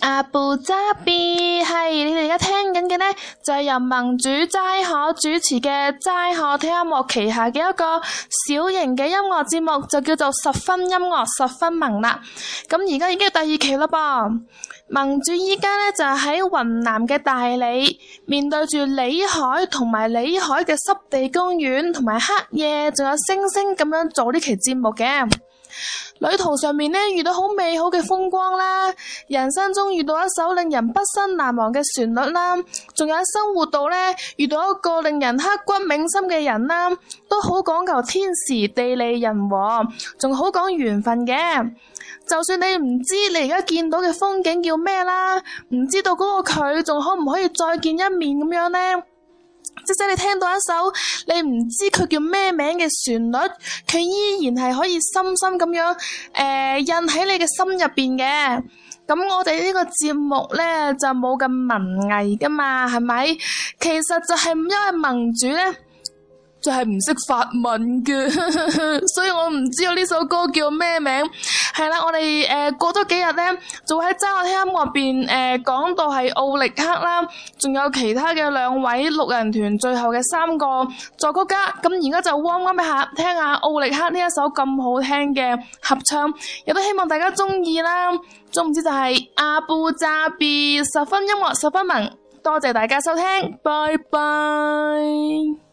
阿布扎比係你哋而家聽緊嘅呢，就係、是、由盟主齋可主持嘅齋可聽音樂旗下嘅一個小型嘅音樂節目，就叫做十分音樂十分萌啦。咁而家已經第二期嘞噃，盟主依家呢，就喺、是、雲南嘅大理，面對住洱海同埋洱海嘅濕地公園同埋黑夜，仲有星星咁樣做呢期節目嘅。旅途上面呢，遇到好美好嘅風光啦，人生中遇到一首令人畢生難忘嘅旋律啦，仲有生活度呢，遇到一個令人刻骨銘心嘅人啦，都好講求天時地利人和，仲好講緣分嘅。就算你唔知你而家見到嘅風景叫咩啦，唔知道嗰個佢仲可唔可以再見一面咁樣呢？即使你聽到一首你唔知佢叫咩名嘅旋律，佢依然係可以深深咁樣誒印喺你嘅心入邊嘅。咁我哋呢個節目咧就冇咁文藝噶嘛，係咪？其實就係因為盟主咧。就係唔識法文嘅， 所以我唔知道呢首歌叫咩名。係啦，我哋誒、呃、過咗幾日咧，就喺《真我音樂》入邊誒講到係奧力克啦，仲有其他嘅兩位六人團最後嘅三個作曲家。咁而家就汪汪俾下聽一下奧力克呢一首咁好聽嘅合唱，亦都希望大家鍾意啦。總之就係阿布扎比十分音樂十分萌，多謝大家收聽，拜拜。